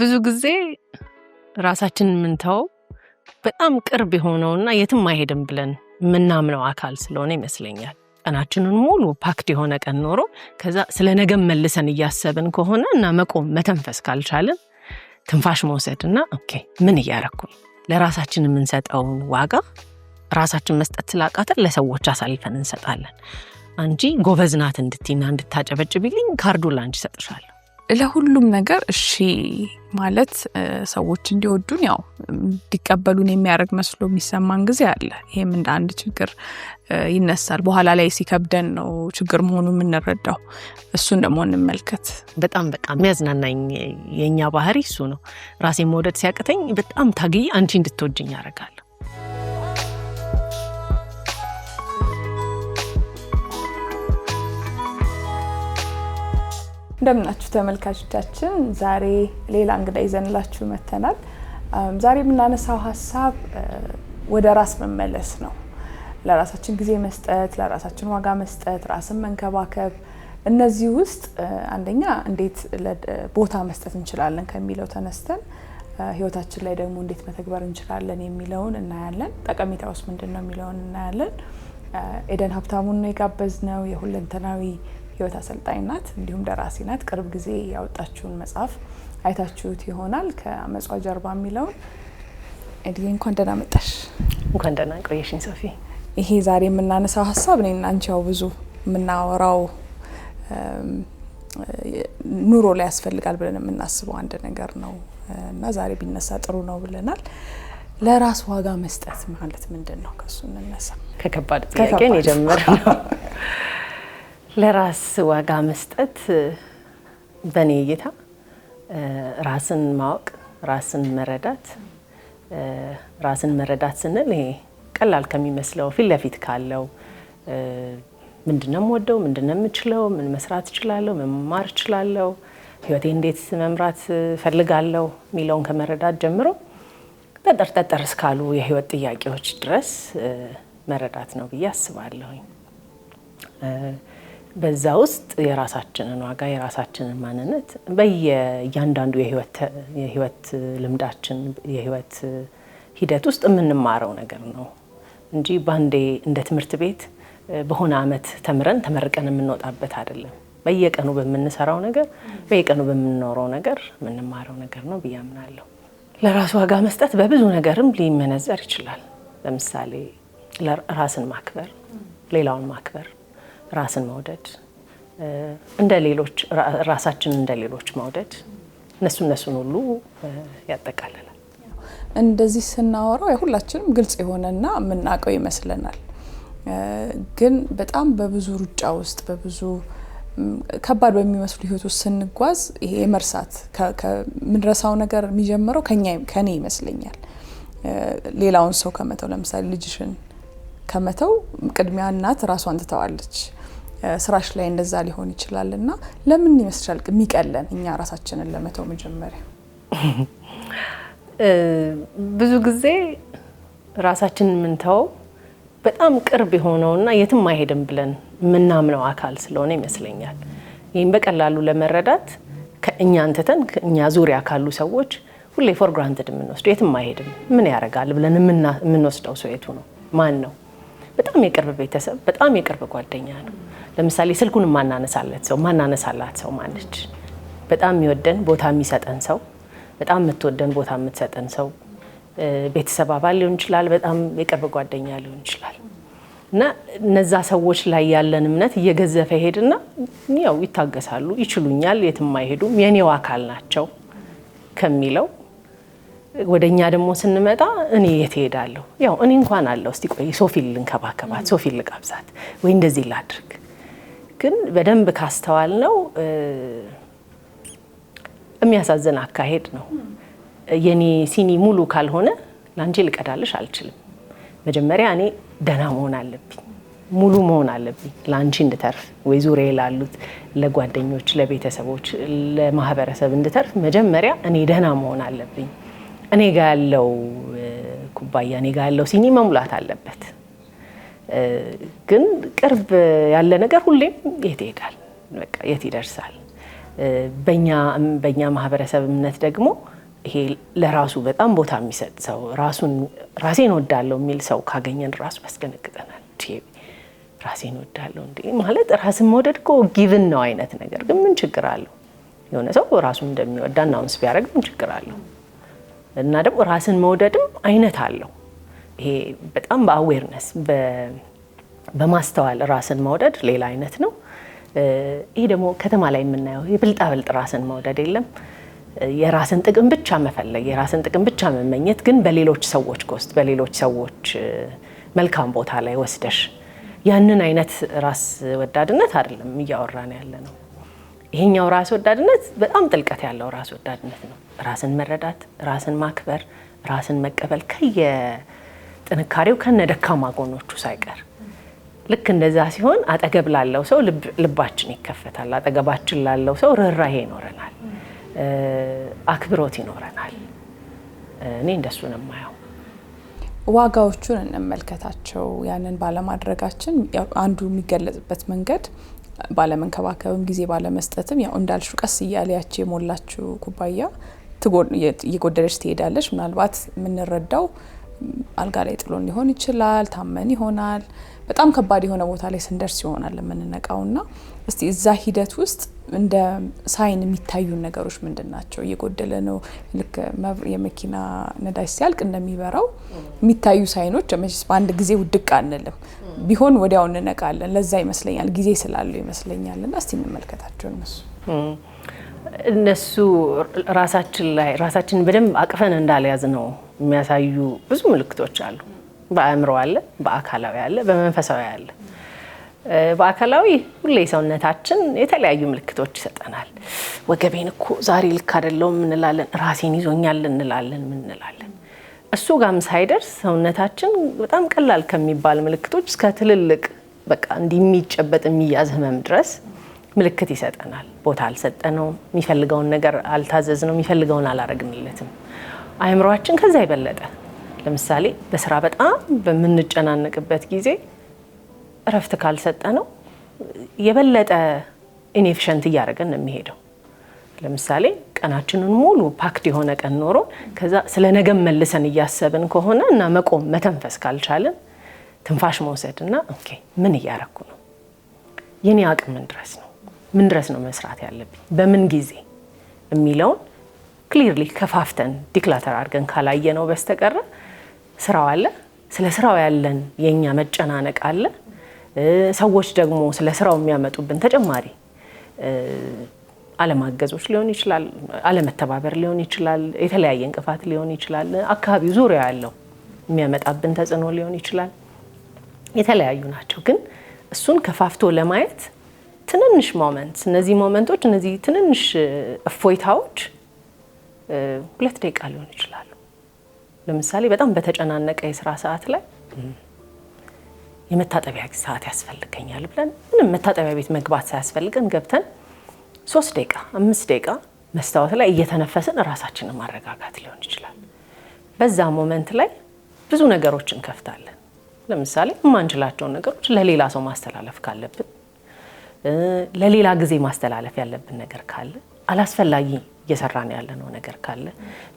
ብዙ ጊዜ ራሳችን የምንተው በጣም ቅርብ የሆነውና የትም አይሄድም ብለን የምናምነው አካል ስለሆነ ይመስለኛል። ቀናችንን ሙሉ ፓክድ የሆነ ቀን ኖሮ ከዛ ስለ ነገም መልሰን እያሰብን ከሆነ እና መቆም መተንፈስ ካልቻለን ትንፋሽ መውሰድ እና ኦኬ ምን እያረኩ ለራሳችን የምንሰጠውን ዋጋ ራሳችን መስጠት ስላቃተን ለሰዎች አሳልፈን እንሰጣለን። አንቺ ጎበዝናት እንድትና እንድታጨበጭብልኝ ካርዱ ላንቺ እሰጥሻለሁ ለሁሉም ነገር እሺ ማለት ሰዎች እንዲወዱን ያው እንዲቀበሉን የሚያደርግ መስሎ የሚሰማን ጊዜ አለ። ይሄም እንደ አንድ ችግር ይነሳል። በኋላ ላይ ሲከብደን ነው ችግር መሆኑ የምንረዳው። እሱን ደግሞ እንመልከት። በጣም በቃ የሚያዝናናኝ የእኛ ባህሪ እሱ ነው። ራሴ መውደድ ሲያቅተኝ በጣም ታግዬ አንቺ እንድትወጅኝ ያደርጋለሁ እንደምናችሁ ተመልካቾቻችን፣ ዛሬ ሌላ እንግዳ ይዘንላችሁ መተናል። ዛሬ የምናነሳው ሀሳብ ወደ ራስ መመለስ ነው። ለራሳችን ጊዜ መስጠት፣ ለራሳችን ዋጋ መስጠት፣ ራስን መንከባከብ፣ እነዚህ ውስጥ አንደኛ እንዴት ቦታ መስጠት እንችላለን ከሚለው ተነስተን ህይወታችን ላይ ደግሞ እንዴት መተግበር እንችላለን የሚለውን እናያለን። ጠቀሜታ ውስጥ ምንድን ነው የሚለውን እናያለን። ኤደን ሀብታሙን ነው ነው የሁለንተናዊ ህይወት አሰልጣኝ ናት፣ እንዲሁም ደራሲ ናት። ቅርብ ጊዜ ያወጣችውን መጽሐፍ አይታችሁት ይሆናል ከአመጿ ጀርባ የሚለውን እድዬ እንኳን ደህና መጣሽ። እንኳን ደህና ቆየሽኝ ሶፊ። ይሄ ዛሬ የምናነሳው ሀሳብ እኔ እናንቺ ያው ብዙ የምናወራው ኑሮ ላይ ያስፈልጋል ብለን የምናስበው አንድ ነገር ነው እና ዛሬ ቢነሳ ጥሩ ነው ብለናል። ለራስ ዋጋ መስጠት ማለት ምንድን ነው? ከሱ እንነሳ። ከከባድ ጥያቄን የጀመረ ነው ለራስ ዋጋ መስጠት በእኔ እይታ ራስን ማወቅ፣ ራስን መረዳት። ራስን መረዳት ስንል ይሄ ቀላል ከሚመስለው ፊት ለፊት ካለው ምንድነው የምወደው፣ ምንድነው የምችለው፣ ምን መስራት እችላለሁ፣ መማር እችላለሁ፣ ህይወቴ እንዴት መምራት እፈልጋለሁ የሚለውን ከመረዳት ጀምሮ ጠጠር ጠጠር እስካሉ የህይወት ጥያቄዎች ድረስ መረዳት ነው ብዬ አስባለሁኝ። በዛ ውስጥ የራሳችንን ዋጋ የራሳችንን ማንነት በየእያንዳንዱ የህይወት ልምዳችን የህይወት ሂደት ውስጥ የምንማረው ነገር ነው እንጂ ባንዴ እንደ ትምህርት ቤት በሆነ አመት ተምረን ተመርቀን የምንወጣበት አይደለም። በየቀኑ በምንሰራው ነገር፣ በየቀኑ በምንኖረው ነገር የምንማረው ነገር ነው ብዬ አምናለሁ። ለራሱ ዋጋ መስጠት በብዙ ነገርም ሊመነዘር ይችላል። ለምሳሌ ራስን ማክበር፣ ሌላውን ማክበር ራስን መውደድ እንደ ሌሎች ራሳችን እንደ ሌሎች መውደድ እነሱ እነሱን ሁሉ ያጠቃልላል። እንደዚህ ስናወራው የሁላችንም ግልጽ የሆነና የምናውቀው ይመስለናል። ግን በጣም በብዙ ሩጫ ውስጥ በብዙ ከባድ በሚመስሉ ህይወት ውስጥ ስንጓዝ ይሄ የመርሳት ከምንረሳው ነገር የሚጀምረው ከኔ ይመስለኛል። ሌላውን ሰው ከመተው ለምሳሌ ልጅሽን ከመተው ቅድሚያ እናት ራሷን ትተዋለች። ስራሽ ላይ እንደዛ ሊሆን ይችላል እና ለምን ይመስላል የሚቀለን እኛ ራሳችንን ለመተው? መጀመሪያ ብዙ ጊዜ ራሳችን የምንተው በጣም ቅርብ የሆነውና የትም አይሄድም ብለን የምናምነው አካል ስለሆነ ይመስለኛል። ይህም በቀላሉ ለመረዳት ከእኛ አንተተን ከእኛ ዙሪያ ካሉ ሰዎች ሁሌ ፎር ግራንትድ የምንወስደው የትም አይሄድም ምን ያደርጋል ብለን የምንወስደው ሰው የቱ ነው? ማን ነው? በጣም የቅርብ ቤተሰብ፣ በጣም የቅርብ ጓደኛ ነው ለምሳሌ ስልኩን ማናነሳለት ሰው ማናነሳላት ሰው ማለች በጣም የሚወደን ቦታ የሚሰጠን ሰው በጣም የምትወደን ቦታ የምትሰጠን ሰው ቤተሰብ አባል ሊሆን ይችላል፣ በጣም የቅርብ ጓደኛ ሊሆን ይችላል። እና እነዛ ሰዎች ላይ ያለን እምነት እየገዘፈ ይሄድና ያው ይታገሳሉ፣ ይችሉኛል፣ የትም አይሄዱም፣ የኔው አካል ናቸው ከሚለው ወደ እኛ ደግሞ ስንመጣ እኔ የት እሄዳለሁ? ያው እኔ እንኳን አለው እስቲ ቆይ ልንከባከባት፣ ሶፊል ልቃብዛት፣ ወይ እንደዚህ ላድርግ ግን በደንብ ካስተዋል ነው የሚያሳዝን አካሄድ ነው። የኔ ሲኒ ሙሉ ካልሆነ ለአንቺ ልቀዳልሽ አልችልም። መጀመሪያ እኔ ደህና መሆን አለብኝ፣ ሙሉ መሆን አለብኝ ለአንቺ እንድተርፍ ወይ ዙሪያ ላሉት ለጓደኞች፣ ለቤተሰቦች፣ ለማህበረሰብ እንድተርፍ መጀመሪያ እኔ ደህና መሆን አለብኝ። እኔ ጋ ያለው ኩባያ፣ እኔ ጋ ያለው ሲኒ መሙላት አለበት። ግን ቅርብ ያለ ነገር ሁሌም የት ይሄዳል፣ በቃ የት ይደርሳል። በእኛ በእኛ ማህበረሰብ እምነት ደግሞ ይሄ ለራሱ በጣም ቦታ የሚሰጥ ሰው ራሱን ራሴን ወዳለው የሚል ሰው ካገኘን ራሱ ያስገነግጠናል። ራሴን ወዳለው እንዴ ማለት ራስን መውደድ እኮ ጊቭን ነው አይነት ነገር ግን ምን ችግር አለው? የሆነ ሰው ራሱን እንደሚወዳ እናውንስ ቢያደርግ ምን ችግር አለው? እና ደግሞ ራስን መውደድም አይነት አለው ይሄ በጣም በአዌርነስ በማስተዋል ራስን መውደድ ሌላ አይነት ነው። ይሄ ደግሞ ከተማ ላይ የምናየው የብልጣ ራስን መውደድ የለም። የራስን ጥቅም ብቻ መፈለግ፣ የራስን ጥቅም ብቻ መመኘት፣ ግን በሌሎች ሰዎች ኮስት፣ በሌሎች ሰዎች መልካም ቦታ ላይ ወስደሽ ያንን አይነት ራስ ወዳድነት አይደለም እያወራን ያለ ነው። ይሄኛው ራስ ወዳድነት በጣም ጥልቀት ያለው ራስ ወዳድነት ነው። ራስን መረዳት፣ ራስን ማክበር፣ ራስን መቀበል ከየ ጥንካሬው ከነ ደካማ ጎኖቹ ሳይቀር ልክ እንደዛ ሲሆን አጠገብ ላለው ሰው ልባችን ይከፈታል። አጠገባችን ላለው ሰው ርኅራሄ ይኖረናል፣ አክብሮት ይኖረናል። እኔ እንደሱ ነው የማየው። ዋጋዎቹን እንመልከታቸው። ያንን ባለማድረጋችን አንዱ የሚገለጽበት መንገድ ባለመንከባከብም ጊዜ ባለመስጠትም፣ ያው እንዳልሹ ቀስ እያለ ያቺ የሞላችው ኩባያ እየጎደለች ትሄዳለች። ምናልባት የምንረዳው አልጋ ላይ ጥሎን ሊሆን ይችላል፣ ታመን ይሆናል፣ በጣም ከባድ የሆነ ቦታ ላይ ስንደርስ ይሆናል የምንነቃው እና እስቲ እዛ ሂደት ውስጥ እንደ ሳይን የሚታዩን ነገሮች ምንድን ናቸው? እየጎደለ ነው። ልክ የመኪና ነዳጅ ሲያልቅ እንደሚበራው የሚታዩ ሳይኖች መቼስ በአንድ ጊዜ ውድቅ አንልም፣ ቢሆን ወዲያው እንነቃለን። ለዛ ይመስለኛል ጊዜ ስላለው ይመስለኛል። ና እስቲ እንመልከታቸው እነሱ እነሱ ራሳችን ላይ ራሳችንን በደንብ አቅፈን እንዳልያዝ ነው የሚያሳዩ ብዙ ምልክቶች አሉ። በአእምሮ አለ፣ በአካላዊ አለ፣ በመንፈሳዊ አለ። በአካላዊ ሁሌ ሰውነታችን የተለያዩ ምልክቶች ይሰጠናል። ወገቤን እኮ ዛሬ ልክ አይደለውም እንላለን፣ ራሴን ይዞኛል እንላለን፣ ምን እንላለን። እሱ ጋም ሳይደርስ ሰውነታችን በጣም ቀላል ከሚባል ምልክቶች እስከ ትልልቅ በቃ እንዲህ የሚጨበጥ የሚያዝ ህመም ድረስ ምልክት ይሰጠናል። ቦታ አልሰጠነውም፣ የሚፈልገውን ነገር አልታዘዝነው፣ የሚፈልገውን አላረግንለትም። አእምሯችን ከዛ የበለጠ ለምሳሌ በስራ በጣም በምንጨናነቅበት ጊዜ እረፍት ካልሰጠ ነው የበለጠ ኢንኤፊሸንት እያደረገን ነው የሚሄደው። ለምሳሌ ቀናችንን ሙሉ ፓክድ የሆነ ቀን ኖሮ ከዛ ስለ ነገም መልሰን እያሰብን ከሆነ እና መቆም መተንፈስ ካልቻለን ትንፋሽ መውሰድ እና ኦኬ ምን እያረኩ ነው? የኔ አቅም ምን ድረስ ነው? ምን ድረስ ነው መስራት ያለብኝ በምን ጊዜ የሚለውን ክሊርሊ ከፋፍተን ዲክላተር አድርገን ካላየ ነው በስተቀረ ስራው አለ። ስለ ስራው ያለን የእኛ መጨናነቅ አለ። ሰዎች ደግሞ ስለ ስራው የሚያመጡብን ተጨማሪ አለማገዞች ሊሆን ይችላል፣ አለመተባበር ሊሆን ይችላል፣ የተለያየ እንቅፋት ሊሆን ይችላል፣ አካባቢው ዙሪያ ያለው የሚያመጣብን ተጽዕኖ ሊሆን ይችላል። የተለያዩ ናቸው። ግን እሱን ከፋፍቶ ለማየት ትንንሽ ሞመንት እነዚህ ሞመንቶች እነዚህ ትንንሽ እፎይታዎች ሁለት ደቂቃ ሊሆን ይችላሉ። ለምሳሌ በጣም በተጨናነቀ የስራ ሰዓት ላይ የመታጠቢያ ሰዓት ያስፈልገኛል ብለን ምንም መታጠቢያ ቤት መግባት ሳያስፈልገን ገብተን ሶስት ደቂቃ አምስት ደቂቃ መስታወት ላይ እየተነፈስን ራሳችንን ማረጋጋት ሊሆን ይችላል። በዛ ሞመንት ላይ ብዙ ነገሮች እንከፍታለን። ለምሳሌ የማንችላቸውን ነገሮች ለሌላ ሰው ማስተላለፍ ካለብን፣ ለሌላ ጊዜ ማስተላለፍ ያለብን ነገር ካለ አላስፈላጊ እየሰራን ያለነው ነገር ካለ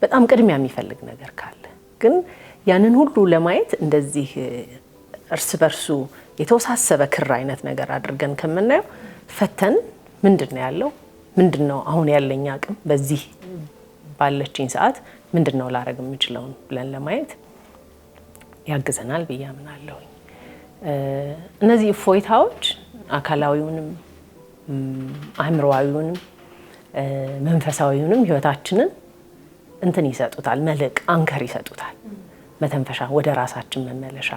በጣም ቅድሚያ የሚፈልግ ነገር ካለ ግን ያንን ሁሉ ለማየት እንደዚህ እርስ በርሱ የተወሳሰበ ክር አይነት ነገር አድርገን ከምናየው ፈተን ምንድን ነው ያለው፣ ምንድን ነው አሁን ያለኝ አቅም፣ በዚህ ባለችኝ ሰዓት ምንድን ነው ላረግ የምችለውን ብለን ለማየት ያግዘናል ብዬ አምናለሁ። እነዚህ እፎይታዎች አካላዊውንም አእምሮዊውንም መንፈሳዊውንም ህይወታችንን እንትን ይሰጡታል፣ መልቅ አንከር ይሰጡታል። መተንፈሻ፣ ወደ ራሳችን መመለሻ፣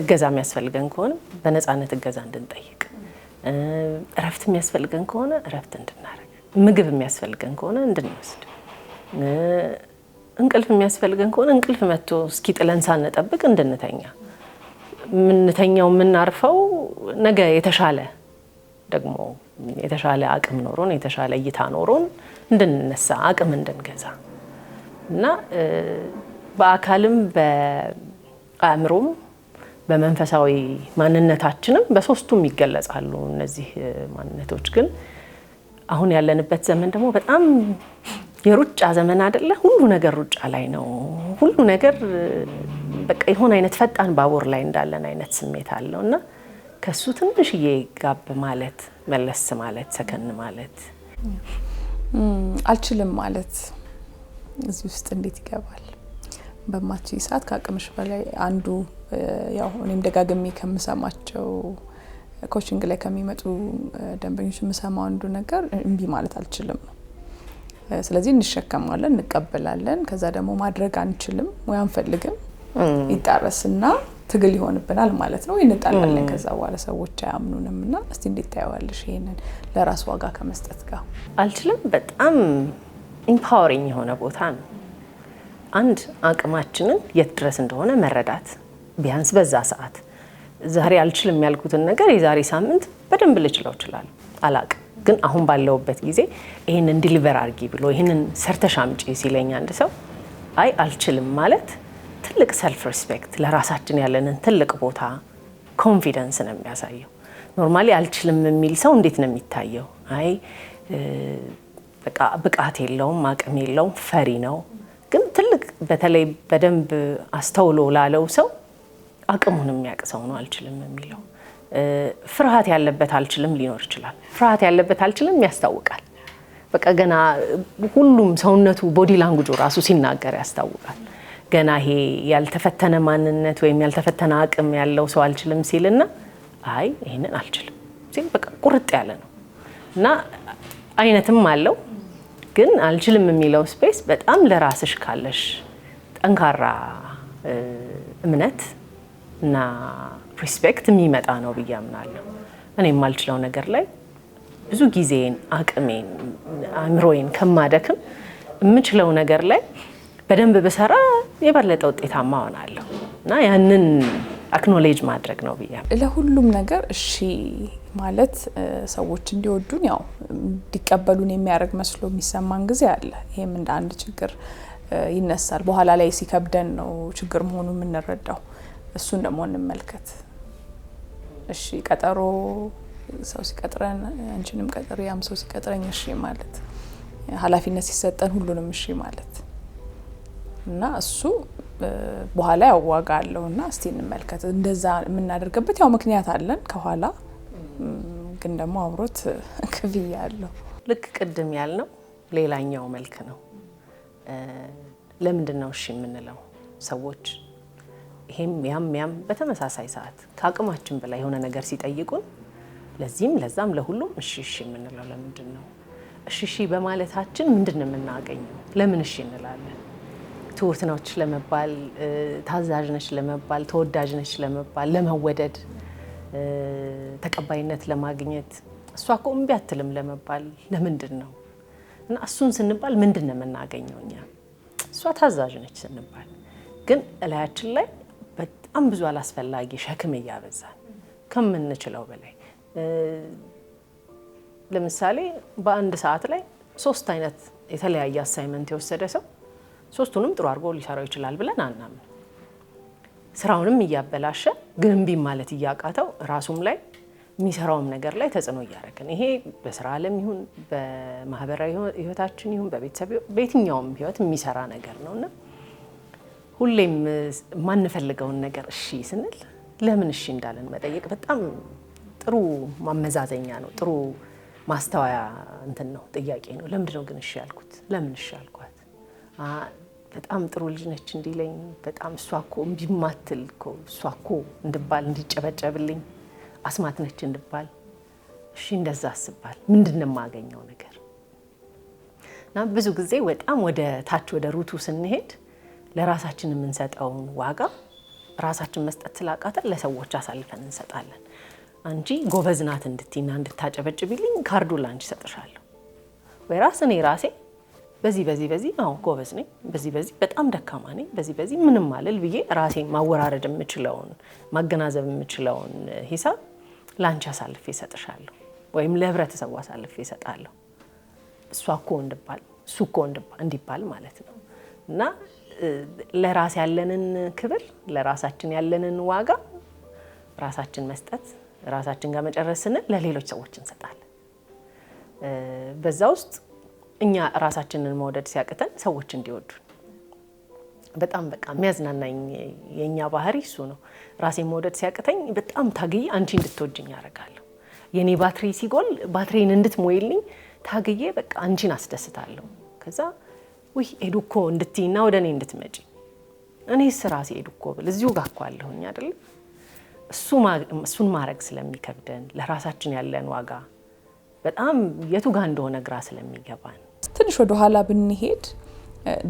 እገዛ የሚያስፈልገን ከሆነ በነፃነት እገዛ እንድንጠይቅ፣ እረፍት የሚያስፈልገን ከሆነ እረፍት እንድናደርግ፣ ምግብ የሚያስፈልገን ከሆነ እንድንወስድ፣ እንቅልፍ የሚያስፈልገን ከሆነ እንቅልፍ መጥቶ እስኪ ጥለን ሳንጠብቅ እንድንተኛ የምንተኛው የምናርፈው ነገ የተሻለ ደግሞ የተሻለ አቅም ኖሮን የተሻለ እይታ ኖሮን እንድንነሳ አቅም እንድንገዛ እና በአካልም በአእምሮም በመንፈሳዊ ማንነታችንም በሶስቱም ይገለጻሉ። እነዚህ ማንነቶች ግን አሁን ያለንበት ዘመን ደግሞ በጣም የሩጫ ዘመን አይደለ? ሁሉ ነገር ሩጫ ላይ ነው። ሁሉ ነገር በቃ የሆነ አይነት ፈጣን ባቡር ላይ እንዳለን አይነት ስሜት አለው እና ከሱ ትንሽዬ ጋብ ማለት መለስ ማለት ሰከን ማለት አልችልም ማለት እዚህ ውስጥ እንዴት ይገባል? በማች ሰዓት ከአቅምሽ በላይ አንዱ ያው እኔም ደጋግሜ ከምሰማቸው ኮችንግ ላይ ከሚመጡ ደንበኞች የምሰማው አንዱ ነገር እምቢ ማለት አልችልም ነው። ስለዚህ እንሸከማለን፣ እንቀበላለን። ከዛ ደግሞ ማድረግ አንችልም ወይ አንፈልግም ይጣረስና ትግል ይሆንብናል ማለት ነው። ይንጣላለን ከዛ በኋላ ሰዎች አያምኑንም እና እስቲ እንዴት ታየዋለሽ ለራስ ዋጋ ከመስጠት ጋር? አልችልም። በጣም ኢምፓወሪንግ የሆነ ቦታ ነው። አንድ አቅማችንን የት ድረስ እንደሆነ መረዳት ቢያንስ በዛ ሰዓት ዛሬ አልችልም ያልኩትን ነገር የዛሬ ሳምንት በደንብ ልችለው እችላለሁ። አላቅ ግን አሁን ባለውበት ጊዜ ይህንን ዲሊቨር አርጊ ብሎ ይህንን ሰርተሽ አምጪ ሲለኝ አንድ ሰው አይ አልችልም ማለት ትልቅ ሰልፍ ሪስፔክት ለራሳችን ያለንን ትልቅ ቦታ ኮንፊደንስ ነው የሚያሳየው። ኖርማሊ አልችልም የሚል ሰው እንዴት ነው የሚታየው? አይ ብቃት የለውም፣ አቅም የለውም፣ ፈሪ ነው። ግን ትልቅ በተለይ በደንብ አስተውሎ ላለው ሰው አቅሙን የሚያውቅ ሰው ነው አልችልም የሚለው። ፍርሃት ያለበት አልችልም ሊኖር ይችላል። ፍርሃት ያለበት አልችልም ያስታውቃል። በቃ ገና ሁሉም ሰውነቱ ቦዲ ላንጉጆ ራሱ ሲናገር ያስታውቃል። ገና ይሄ ያልተፈተነ ማንነት ወይም ያልተፈተነ አቅም ያለው ሰው አልችልም ሲልና አይ ይህንን አልችልም ሲል በቃ ቁርጥ ያለ ነው እና አይነትም አለው። ግን አልችልም የሚለው ስፔስ በጣም ለራስሽ ካለሽ ጠንካራ እምነት እና ሪስፔክት የሚመጣ ነው ብዬ አምናለሁ። እኔ የማልችለው ነገር ላይ ብዙ ጊዜን አቅሜን አእምሮዬን ከማደክም የምችለው ነገር ላይ በደንብ ብሰራ የበለጠ ውጤታማ ሆናለሁ እና ያንን አክኖሌጅ ማድረግ ነው ብዬ ለሁሉም ነገር እሺ ማለት ሰዎች እንዲወዱን ያው እንዲቀበሉን የሚያደርግ መስሎ የሚሰማን ጊዜ አለ። ይህም እንደ አንድ ችግር ይነሳል። በኋላ ላይ ሲከብደን ነው ችግር መሆኑ የምንረዳው። እሱን ደግሞ እንመልከት። እሺ ቀጠሮ ሰው ሲቀጥረን አንቺንም ቀጥር ያም ሰው ሲቀጥረኝ እሺ ማለት ኃላፊነት ሲሰጠን ሁሉንም እሺ ማለት እና እሱ በኋላ ያው ዋጋ አለው እና እስቲ እንመልከት። እንደዛ የምናደርገበት ያው ምክንያት አለን ከኋላ ግን ደግሞ አብሮት ክፍያ አለው። ልክ ቅድም ያልነው ሌላኛው መልክ ነው። ለምንድን ነው እሺ የምንለው ሰዎች ይሄም ያም ያም በተመሳሳይ ሰዓት ከአቅማችን በላይ የሆነ ነገር ሲጠይቁን ለዚህም ለዛም ለሁሉም እሺ እሺ የምንለው ለምንድን ነው? እሺ እሺ በማለታችን ምንድን ነው የምናገኘው? ለምን እሺ እንላለን? ትሁት ነች ለመባል፣ ታዛዥ ነች ለመባል፣ ተወዳጅ ነች ለመባል፣ ለመወደድ፣ ተቀባይነት ለማግኘት እሷ እኮ እምቢ አትልም ለመባል ለምንድን ነው እና እሱን ስንባል ምንድን ነው የምናገኘው እኛ? እሷ ታዛዥ ነች ስንባል ግን እላያችን ላይ በጣም ብዙ አላስፈላጊ ሸክም እያበዛን ከምንችለው በላይ ለምሳሌ በአንድ ሰዓት ላይ ሶስት አይነት የተለያየ አሳይመንት የወሰደ ሰው ሶስቱንም ጥሩ አድርጎ ሊሰራው ይችላል ብለን አናምን። ስራውንም እያበላሸ ግንቢ ማለት እያቃተው ራሱም ላይ የሚሰራውም ነገር ላይ ተጽዕኖ እያደረግን ይሄ በስራ ዓለም ይሁን በማህበራዊ ህይወታችን ይሁን በቤተሰብ በየትኛውም ህይወት የሚሰራ ነገር ነው እና ሁሌም የማንፈልገውን ነገር እሺ ስንል ለምን እሺ እንዳለን መጠየቅ በጣም ጥሩ ማመዛዘኛ ነው። ጥሩ ማስተዋያ እንትን ነው፣ ጥያቄ ነው። ለምንድን ነው ግን እሺ ያልኩት? ለምን እሺ ያልኳት? በጣም ጥሩ ልጅ ነች እንዲለኝ በጣም እሷ እኮ እምቢማትል እሷ እንድባል እንዲጨበጨብልኝ አስማት ነች እንድባል እሺ እንደዛ አስባል ምንድን የማገኘው ነገር እና ብዙ ጊዜ በጣም ወደ ታች ወደ ሩቱ ስንሄድ ለራሳችን የምንሰጠውን ዋጋ ራሳችን መስጠት ስላቃተን ለሰዎች አሳልፈን እንሰጣለን። አንቺ ጎበዝናት እንድትና እንድታጨበጭብልኝ ካርዱ ላንቺ ሰጥሻለሁ ወይ ራስ እኔ ራሴ በዚህ በዚህ በዚህ አዎ ጎበዝ ነኝ፣ በዚህ በዚህ በጣም ደካማ ነኝ፣ በዚህ በዚህ ምንም አልል ብዬ ራሴን ማወራረድ የምችለውን ማገናዘብ የምችለውን ሂሳብ ለአንቺ አሳልፌ እሰጥሻለሁ ወይም ለህብረተሰቡ አሳልፌ እሰጣለሁ። እሷ እኮ እንድባል እሱ እኮ እንዲባል ማለት ነው እና ለራስ ያለንን ክብር ለራሳችን ያለንን ዋጋ ራሳችን መስጠት ራሳችን ጋር መጨረስ ስንል ለሌሎች ሰዎች እንሰጣለን። በዛ ውስጥ እኛ ራሳችንን መውደድ ሲያቅተን ሰዎች እንዲወዱን በጣም በቃ የሚያዝናናኝ የእኛ ባህሪ እሱ ነው። ራሴን መውደድ ሲያቅተኝ በጣም ታግዬ አንቺ እንድትወጅኝ ያደርጋለሁ። የእኔ ባትሪ ሲጎል ባትሪን እንድትሞይልኝ ታግዬ በቃ አንቺን አስደስታለሁ። ከዛ ውይ ሄዱ እኮ እንድትይና ወደ እኔ እንድትመጪ እኔ ስራ ሲሄዱ እኮ ብል እዚሁ ጋር እኮ አለሁኝ አይደለም። እሱን ማድረግ ስለሚከብደን ለራሳችን ያለን ዋጋ በጣም የቱ ጋ እንደሆነ ግራ ስለሚገባን ትንሽ ወደ ኋላ ብንሄድ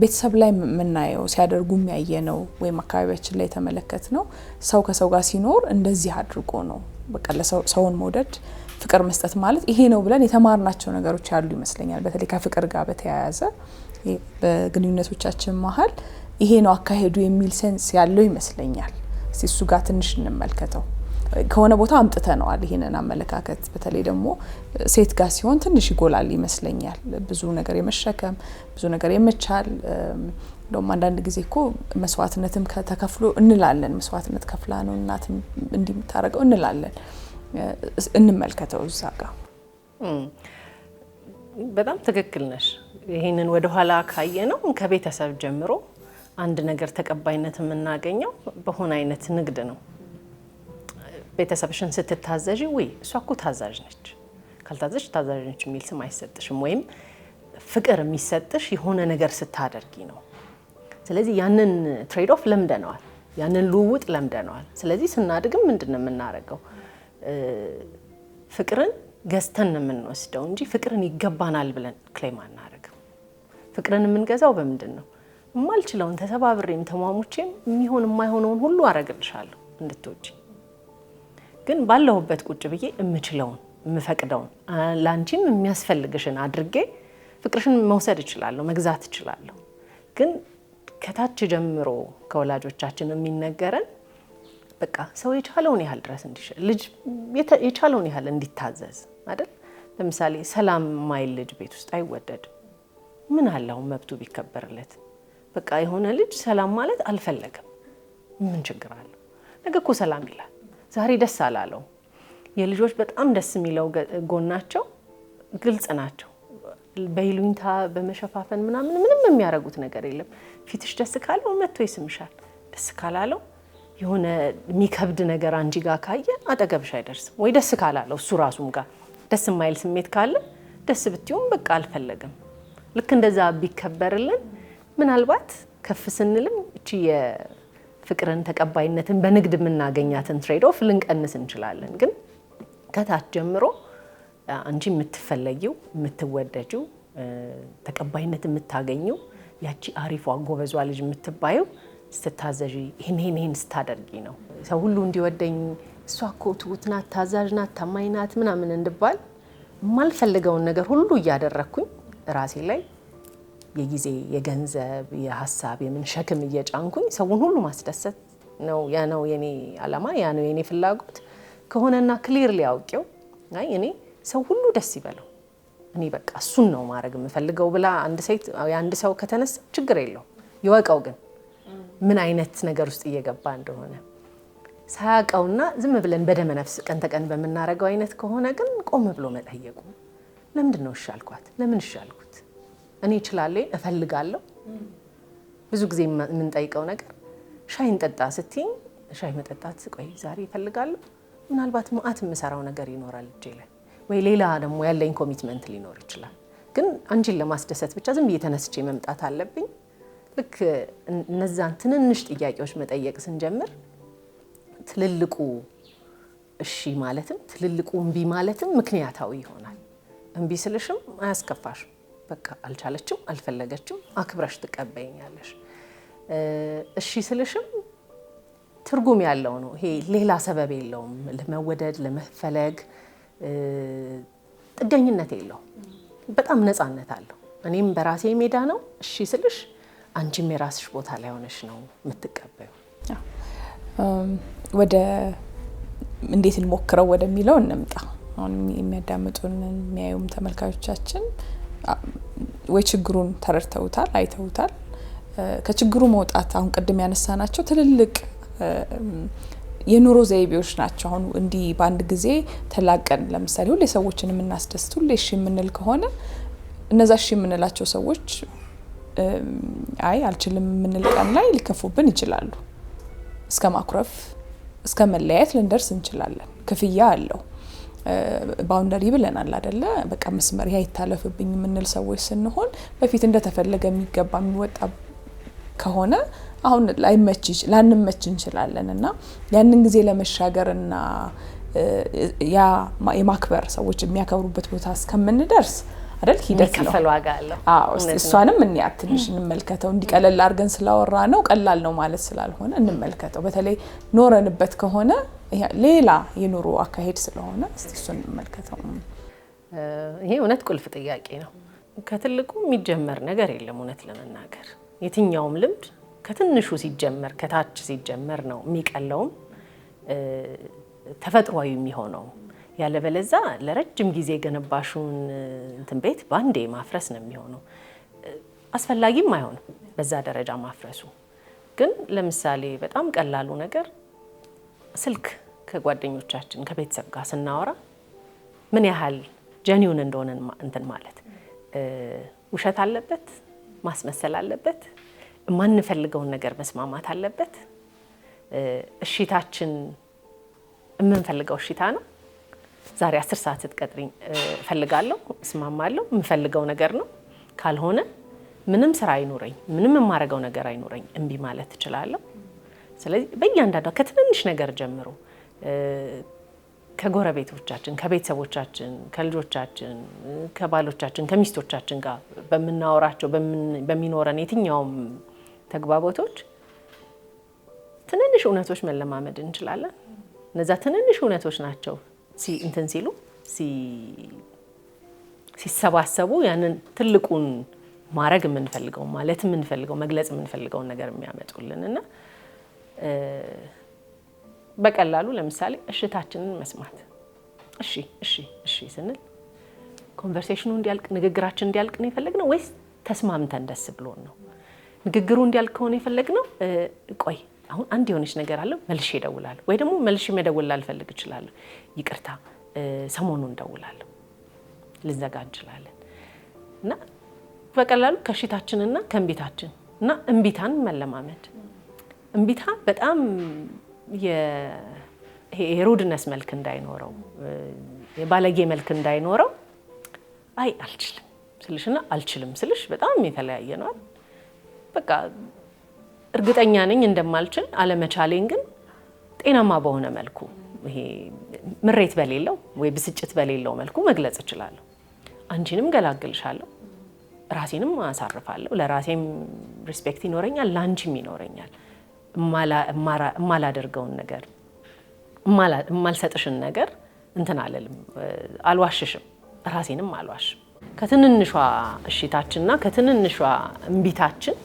ቤተሰብ ላይ የምናየው ሲያደርጉ የሚያየ ነው ወይም አካባቢያችን ላይ የተመለከት ነው ሰው ከሰው ጋር ሲኖር እንደዚህ አድርጎ ነው በቃ ለሰውን መውደድ ፍቅር መስጠት ማለት ይሄ ነው ብለን የተማርናቸው ነገሮች ያሉ ይመስለኛል። በተለይ ከፍቅር ጋር በተያያዘ በግንኙነቶቻችን መሀል ይሄ ነው አካሄዱ የሚል ሴንስ ያለው ይመስለኛል። እስቲ እሱ ጋር ትንሽ እንመልከተው። ከሆነ ቦታ አምጥተነዋል ይህንን አመለካከት። በተለይ ደግሞ ሴት ጋር ሲሆን ትንሽ ይጎላል ይመስለኛል። ብዙ ነገር የመሸከም ብዙ ነገር የመቻል እንደውም አንዳንድ ጊዜ እኮ መስዋዕትነትም ተከፍሎ እንላለን። መስዋዕትነት ከፍላ ነው እናት እንዲህ የምታደርገው እንላለን። እንመልከተው እዛ ጋር በጣም ትክክል ነሽ። ይህንን ወደኋላ ካየ ነው ከቤተሰብ ጀምሮ አንድ ነገር ተቀባይነት የምናገኘው በሆነ አይነት ንግድ ነው። ቤተሰብሽን ስትታዘዥ ውይ እሷ እኮ ታዛዥ ነች፣ ካልታዘዥ ታዛዥ ነች የሚል ስም አይሰጥሽም። ወይም ፍቅር የሚሰጥሽ የሆነ ነገር ስታደርጊ ነው። ስለዚህ ያንን ትሬድ ኦፍ ለምደነዋል፣ ያንን ልውውጥ ለምደነዋል። ስለዚህ ስናድግም ምንድን ነው የምናደርገው? ፍቅርን ገዝተን ነው የምንወስደው እንጂ ፍቅርን ይገባናል ብለን ክሌም አናደርግም። ፍቅርን የምንገዛው በምንድን ነው? የማልችለውን ተሰባብሬም ተሟሙቼም የሚሆን የማይሆነውን ሁሉ አረግልሻለሁ እንድትወጪ ግን ባለሁበት ቁጭ ብዬ የምችለውን የምፈቅደውን ለአንቺም የሚያስፈልግሽን አድርጌ ፍቅርሽን መውሰድ እችላለሁ፣ መግዛት እችላለሁ። ግን ከታች ጀምሮ ከወላጆቻችን የሚነገረን በቃ ሰው የቻለውን ያህል ድረስ እንዲችል ልጅ የቻለውን ያህል እንዲታዘዝ አይደል? ለምሳሌ ሰላም ማይል ልጅ ቤት ውስጥ አይወደድም። ምን አለው መብቱ ቢከበርለት። በቃ የሆነ ልጅ ሰላም ማለት አልፈለገም፣ ምን ችግር አለው? ነገ እኮ ሰላም ይላል። ዛሬ ደስ አላለው። የልጆች በጣም ደስ የሚለው ጎናቸው ግልጽ ናቸው። በይሉኝታ በመሸፋፈን ምናምን ምንም የሚያደርጉት ነገር የለም። ፊትሽ ደስ ካለው መጥቶ ይስምሻል። ደስ ካላለው የሆነ የሚከብድ ነገር አንቺ ጋር ካየ አጠገብሽ አይደርስም። ወይ ደስ ካላለው እሱ ራሱም ጋር ደስ የማይል ስሜት ካለ ደስ ብትሆን በቃ አልፈለግም። ልክ እንደዛ ቢከበርልን ምናልባት ከፍ ስንልም እቺ ፍቅርን፣ ተቀባይነትን በንግድ የምናገኛትን ትሬድ ኦፍ ልንቀንስ እንችላለን። ግን ከታች ጀምሮ አንቺ የምትፈለጊው የምትወደጂው ተቀባይነት የምታገኘው ያቺ አሪፏ ጎበዟ ልጅ የምትባየው ስትታዘዥ ይህን ይህን ይህን ስታደርጊ ነው። ሰው ሁሉ እንዲወደኝ እሷ እኮ ትሁት ናት፣ ታዛዥ ናት፣ ታማኝ ናት ምናምን እንድባል የማልፈልገውን ነገር ሁሉ እያደረግኩኝ ራሴ ላይ የጊዜ የገንዘብ የሀሳብ የምን ሸክም እየጫንኩኝ ሰውን ሁሉ ማስደሰት ነው። ያ ነው የኔ አላማ፣ ያ ነው የኔ ፍላጎት ከሆነና ክሊር ሊያውቂው አይ እኔ ሰው ሁሉ ደስ ይበለው እኔ በቃ እሱን ነው ማድረግ የምፈልገው ብላ አንድ ሴት የአንድ ሰው ከተነሳ ችግር የለውም ይወቀው ግን ምን አይነት ነገር ውስጥ እየገባ እንደሆነ ሳያውቀውና ዝም ብለን በደመ ነፍስ ቀን ተቀን በምናደርገው አይነት ከሆነ ግን ቆም ብሎ መጠየቁ ለምንድን ነው እሺ ለምን እሺ እኔ እችላለሁ፣ እፈልጋለሁ። ብዙ ጊዜ የምንጠይቀው ነገር ሻይ እንጠጣ ስትኝ ሻይ መጠጣት ቆይ ዛሬ እፈልጋለሁ፣ ምናልባት መዓት የምሰራው ነገር ይኖራል እጄ ላይ ወይ ሌላ ደግሞ ያለኝ ኮሚትመንት ሊኖር ይችላል። ግን አንቺን ለማስደሰት ብቻ ዝም ብዬ ተነስቼ መምጣት አለብኝ። ልክ እነዛን ትንንሽ ጥያቄዎች መጠየቅ ስንጀምር ትልልቁ እሺ ማለትም ትልልቁ እምቢ ማለትም ምክንያታዊ ይሆናል። እምቢ ስልሽም አያስከፋሽም በቃ አልቻለችም፣ አልፈለገችም፣ አክብረሽ ትቀበይኛለሽ። እሺ ስልሽም ትርጉም ያለው ነው። ይሄ ሌላ ሰበብ የለውም። ለመወደድ ለመፈለግ ጥገኝነት የለውም። በጣም ነፃነት አለው። እኔም በራሴ ሜዳ ነው እሺ ስልሽ፣ አንቺም የራስሽ ቦታ ላይ ሆነሽ ነው የምትቀበዩ። ወደ እንዴት እንሞክረው ወደሚለው እንምጣ። አሁን የሚያዳምጡን የሚያዩም ተመልካቾቻችን ወይ ችግሩን ተረድተውታል፣ አይተውታል። ከችግሩ መውጣት አሁን ቅድም ያነሳናቸው ትልልቅ የኑሮ ዘይቤዎች ናቸው። አሁን እንዲህ በአንድ ጊዜ ተላቀን ለምሳሌ ሁሌ ሰዎችን የምናስደስት ሁሌ እሺ የምንል ከሆነ እነዛ እሺ የምንላቸው ሰዎች አይ አልችልም የምንል ቀን ላይ ሊከፉብን ይችላሉ። እስከ ማኩረፍ እስከ መለያየት ልንደርስ እንችላለን። ክፍያ አለው። ባውንደሪ ብለናል አደለ? በቃ መስመር ያ ይታለፍብኝ የምንል ሰዎች ስንሆን በፊት እንደተፈለገ የሚገባ የሚወጣ ከሆነ አሁን ላይመች ላንመች እንችላለን እና ያንን ጊዜ ለመሻገር ለመሻገርና ያ የማክበር ሰዎች የሚያከብሩበት ቦታ እስከምንደርስ አይደል ሂደት ነው። እሷንም እንያት ትንሽ እንመልከተው። እንዲቀለል አድርገን ስላወራ ነው ቀላል ነው ማለት ስላልሆነ እንመልከተው። በተለይ ኖረንበት ከሆነ ሌላ የኑሮ አካሄድ ስለሆነ እስቲ እሱን እንመልከተው። ይሄ እውነት ቁልፍ ጥያቄ ነው። ከትልቁ የሚጀመር ነገር የለም። እውነት ለመናገር የትኛውም ልምድ ከትንሹ ሲጀመር ከታች ሲጀመር ነው የሚቀለውም ተፈጥሯዊ የሚሆነው። ያለበለዛ ለረጅም ጊዜ የገነባሹን እንትን ቤት በአንዴ ማፍረስ ነው የሚሆነው። አስፈላጊም አይሆንም በዛ ደረጃ ማፍረሱ። ግን ለምሳሌ በጣም ቀላሉ ነገር ስልክ ከጓደኞቻችን ከቤተሰብ ጋር ስናወራ ምን ያህል ጀኒውን እንደሆነ እንትን ማለት ውሸት አለበት፣ ማስመሰል አለበት፣ የማንፈልገውን ነገር መስማማት አለበት። እሽታችን የምንፈልገው እሽታ ነው። ዛሬ አስር ሰዓት ስትቀጥሪኝ እፈልጋለሁ፣ እስማማለሁ፣ የምፈልገው ነገር ነው። ካልሆነ ምንም ስራ አይኖረኝ ምንም የማረገው ነገር አይኖረኝ እምቢ ማለት እችላለሁ። ስለዚህ በእያንዳንዷ ከትንንሽ ነገር ጀምሮ ከጎረቤቶቻችን፣ ከቤተሰቦቻችን፣ ከልጆቻችን፣ ከባሎቻችን፣ ከሚስቶቻችን ጋር በምናወራቸው በሚኖረን የትኛውም ተግባቦቶች ትንንሽ እውነቶች መለማመድ እንችላለን። እነዛ ትንንሽ እውነቶች ናቸው እንትን ሲሉ ሲሰባሰቡ ያንን ትልቁን ማድረግ የምንፈልገው ማለት የምንፈልገው መግለጽ የምንፈልገውን ነገር የሚያመጡልን እና በቀላሉ ለምሳሌ እሽታችንን መስማት እሺ እሺ እሺ ስንል ኮንቨርሴሽኑ እንዲያልቅ ንግግራችን እንዲያልቅ ነው የፈለግነው ወይስ ተስማምተን ደስ ብሎን ነው? ንግግሩ እንዲያልቅ ከሆነ የፈለግነው ቆይ አሁን አንድ የሆነች ነገር አለ መልሼ እደውላለሁ፣ ወይ ደግሞ መልሼ መደወል ላልፈልግ እችላለሁ፣ ይቅርታ ሰሞኑን እደውላለሁ፣ ልዘጋ እንችላለን። እና በቀላሉ ከእሽታችንና ከእምቢታችን እና እምቢታን መለማመድ እምቢታ በጣም የሩድነስ መልክ እንዳይኖረው የባለጌ መልክ እንዳይኖረው አይ አልችልም ስልሽና አልችልም ስልሽ በጣም የተለያየ ነዋል። በቃ እርግጠኛ ነኝ እንደማልችል አለመቻሌን ግን ጤናማ በሆነ መልኩ ይሄ ምሬት በሌለው ወይ ብስጭት በሌለው መልኩ መግለጽ እችላለሁ። አንቺንም ገላግልሻለሁ፣ ራሴንም አሳርፋለሁ። ለራሴም ሪስፔክት ይኖረኛል፣ ለአንቺም ይኖረኛል። እማላደርገውን ነገር እማልሰጥሽን ነገር እንትን አለልም አልዋሽሽም፣ ራሴንም አልዋሽም። ከትንንሿ እሽታችንና ከትንንሿ እምቢታችን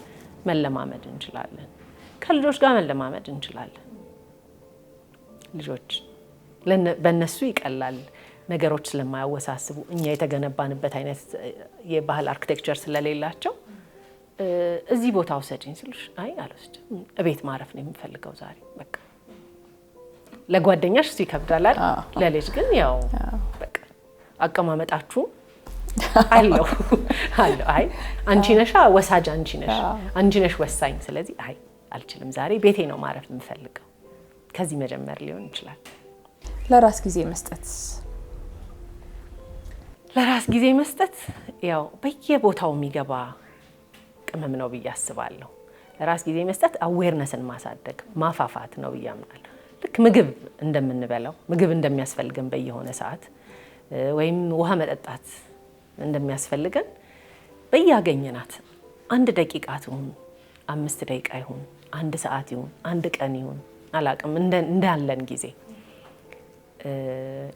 መለማመድ እንችላለን። ከልጆች ጋር መለማመድ እንችላለን። ልጆች በእነሱ ይቀላል ነገሮች ስለማያወሳስቡ እኛ የተገነባንበት አይነት የባህል አርክቴክቸር ስለሌላቸው እዚህ ቦታ ውሰጅኝ ስልሽ አይ አልወስድም፣ እቤት ማረፍ ነው የምፈልገው ዛሬ በቃ። ለጓደኛሽ እሱ ይከብዳላል፣ ለልጅ ግን ያው በቃ አቀማመጣችሁ አለው አለው። አይ አንቺ ነሻ ወሳጅ፣ አንቺ ነሽ አንቺ ነሽ ወሳኝ። ስለዚህ አይ አልችልም፣ ዛሬ ቤቴ ነው ማረፍ የምፈልገው። ከዚህ መጀመር ሊሆን ይችላል። ለራስ ጊዜ መስጠት ለራስ ጊዜ መስጠት ያው በየቦታው የሚገባ ጥቅምም ነው ብዬ አስባለሁ። ለራስ ጊዜ መስጠት አዌርነስን ማሳደግ ማፋፋት ነው ብዬ አምናለሁ። ልክ ምግብ እንደምንበላው ምግብ እንደሚያስፈልገን በየሆነ ሰዓት ወይም ውሃ መጠጣት እንደሚያስፈልገን በያገኘናት አንድ ደቂቃ ትሁን አምስት ደቂቃ ይሁን አንድ ሰዓት ይሁን አንድ ቀን ይሁን አላቅም እንዳለን ጊዜ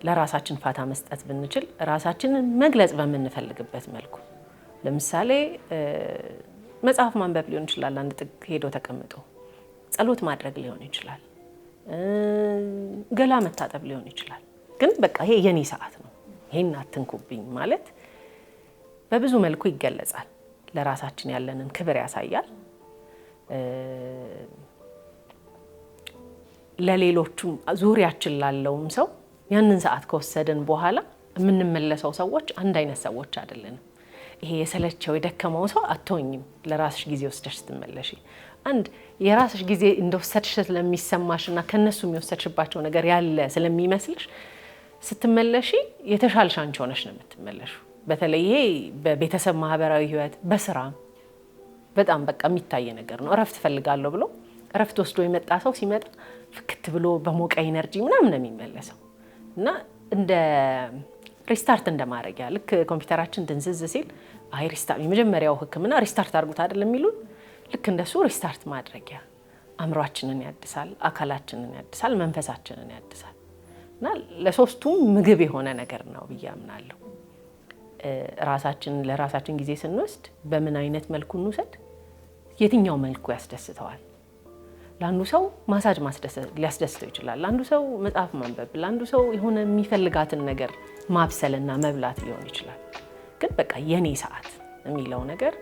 ለራሳችን ፋታ መስጠት ብንችል ራሳችንን መግለጽ በምንፈልግበት መልኩ ለምሳሌ መጽሐፍ ማንበብ ሊሆን ይችላል። አንድ ጥግ ሄዶ ተቀምጦ ጸሎት ማድረግ ሊሆን ይችላል። ገላ መታጠብ ሊሆን ይችላል። ግን በቃ ይሄ የኔ ሰዓት ነው፣ ይሄን አትንኩብኝ ማለት በብዙ መልኩ ይገለጻል። ለራሳችን ያለንን ክብር ያሳያል። ለሌሎቹም ዙሪያችን ላለውም ሰው ያንን ሰዓት ከወሰድን በኋላ የምንመለሰው ሰዎች አንድ አይነት ሰዎች አይደለንም። ይሄ የሰለቸው የደከመው ሰው አትሆኝም። ለራስሽ ጊዜ ወስደሽ ስትመለሽ አንድ የራስሽ ጊዜ እንደወሰድሽ ስለሚሰማሽ እና ከእነሱ የሚወሰድሽባቸው ነገር ያለ ስለሚመስልሽ ስትመለሽ የተሻልሽ አንቺ ሆነሽ ነው የምትመለሹ። በተለይ ይሄ በቤተሰብ ማህበራዊ ህይወት፣ በስራ በጣም በቃ የሚታየ ነገር ነው። እረፍት እፈልጋለሁ ብሎ እረፍት ወስዶ የመጣ ሰው ሲመጣ ፍክት ብሎ በሞቀ ኢነርጂ ምናምን ነው የሚመለሰው እና እንደ ሪስታርት እንደማድረጊያ ልክ ኮምፒውተራችን ድንዝዝ ሲል አይ ሪስታርት የመጀመሪያው ህክምና ሪስታርት አድርጉት አይደለም የሚሉን። ልክ እንደሱ ሪስታርት ማድረጊያ አእምሯችንን ያድሳል፣ አካላችንን ያድሳል፣ መንፈሳችንን ያድሳል እና ለሶስቱም ምግብ የሆነ ነገር ነው ብዬ አምናለሁ። ራሳችን ለራሳችን ጊዜ ስንወስድ በምን አይነት መልኩ እንውሰድ፣ የትኛው መልኩ ያስደስተዋል። ለአንዱ ሰው ማሳጅ ሊያስደስተው ይችላል። ለአንዱ ሰው መጽሐፍ ማንበብ፣ ለአንዱ ሰው የሆነ የሚፈልጋትን ነገር ማብሰልና መብላት ሊሆን ይችላል። ግን በቃ የኔ ሰዓት የሚለው ነገር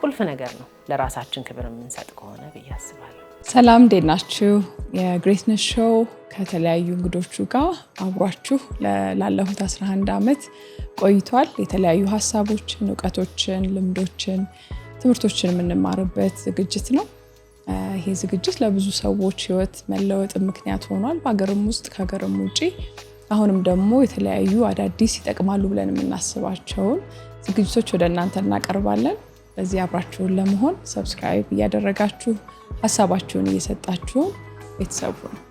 ቁልፍ ነገር ነው ለራሳችን ክብር የምንሰጥ ከሆነ ብዬ አስባለሁ። ሰላም እንዴት ናችሁ? የግሬትነስ ሾው ከተለያዩ እንግዶቹ ጋር አብሯችሁ ላለፉት 11 ዓመት ቆይቷል። የተለያዩ ሀሳቦችን፣ እውቀቶችን፣ ልምዶችን፣ ትምህርቶችን የምንማርበት ዝግጅት ነው። ይሄ ዝግጅት ለብዙ ሰዎች ህይወት መለወጥ ምክንያት ሆኗል። በሀገርም ውስጥ ከሀገርም ውጭ አሁንም ደግሞ የተለያዩ አዳዲስ ይጠቅማሉ ብለን የምናስባቸውን ዝግጅቶች ወደ እናንተ እናቀርባለን። በዚህ አብራችሁን ለመሆን ሰብስክራይብ እያደረጋችሁ ሀሳባችሁን እየሰጣችሁን ቤተሰቡ ነው